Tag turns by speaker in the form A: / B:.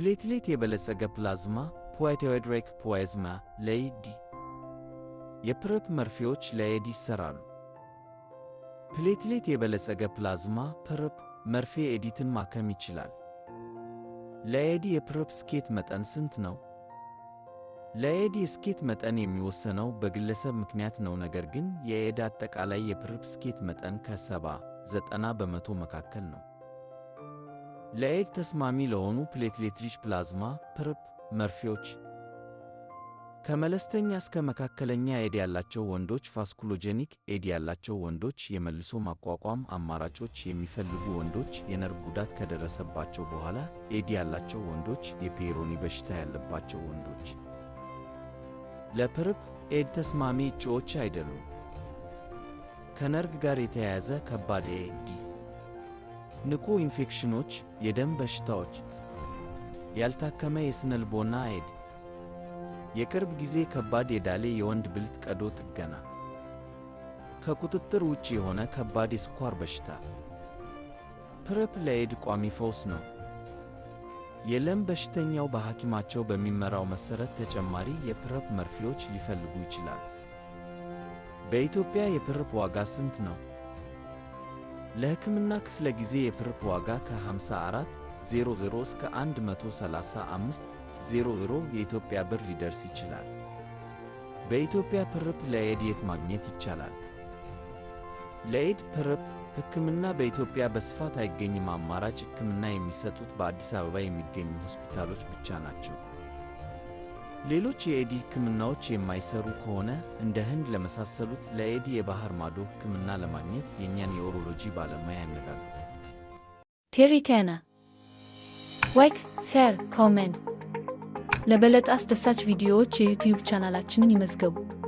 A: ፕሌትሌት የበለጸገ ፕላዝማ ፖይቶኤድሬክ ፖይዝማ ለኤዲ የፕሬፕ መርፌዎች ለኤዲ ይሠራሉ። ፕሌትሌት የበለጸገ ፕላዝማ ፕሬፕ መርፌ ኤዲትን ማከም ይችላል። ለኤዲ የፕሬፕ ስኬት መጠን ስንት ነው? ለኤዲ የስኬት መጠን የሚወሰነው በግለሰብ ምክንያት ነው፣ ነገር ግን የኤዲ አጠቃላይ የፕሬፕ ስኬት መጠን ከ 70 በመቶ መካከል ነው። ለኤግ ተስማሚ ለሆኑ ፕሌትሌት ፕላዝማ ፕርፕ መርፌዎች ከመለስተኛ እስከ መካከለኛ ኤድ ያላቸው ወንዶች ቫስኩሎጀኒክ ኤድ ያላቸው ወንዶች የመልሶ ማቋቋም አማራጮች የሚፈልጉ ወንዶች የነርቭ ጉዳት ከደረሰባቸው በኋላ ኤድ ያላቸው ወንዶች የፔሮኒ በሽታ ያለባቸው ወንዶች ለፕርፕ ኤድ ተስማሚ እጩዎች አይደሉም። ከነርቭ ጋር የተያያዘ ከባድ ኤ ንቁ ኢንፌክሽኖች፣ የደም በሽታዎች፣ ያልታከመ የስነልቦና አየድ፣ የቅርብ ጊዜ ከባድ የዳሌ የወንድ ብልት ቀዶ ጥገና፣ ከቁጥጥር ውጭ የሆነ ከባድ የስኳር በሽታ። ፕሬፕ ለኤድ ቋሚ ፈውስ ነው። የለም በሽተኛው በሐኪማቸው በሚመራው መሠረት ተጨማሪ የፕሬፕ መርፌዎች ሊፈልጉ ይችላል። በኢትዮጵያ የፕረፕ ዋጋ ስንት ነው? ለሕክምና ክፍለ ጊዜ የፕርፕ ዋጋ ከ 54 00 እስከ 00 የኢትዮጵያ ብር ሊደርስ ይችላል። በኢትዮጵያ ፕርፕ ለኤድ የት ማግኘት ይቻላል። ለኤድ ፕርፕ ሕክምና በኢትዮጵያ በስፋት አይገኝም። አማራጭ ሕክምና የሚሰጡት በአዲስ አበባ የሚገኙ ሆስፒታሎች ብቻ ናቸው። ሌሎች የኤዲ ህክምናዎች የማይሰሩ ከሆነ እንደ ህንድ ለመሳሰሉት ለኤዲ የባህር ማዶ ህክምና ለማግኘት የእኛን የኦሮሎጂ ባለሙያ ያነጋግሩ። ቴሪቴና ዋይክ ሴር ኮሜን ለበለጠ አስደሳች ቪዲዮዎች የዩትዩብ ቻናላችንን ይመዝገቡ።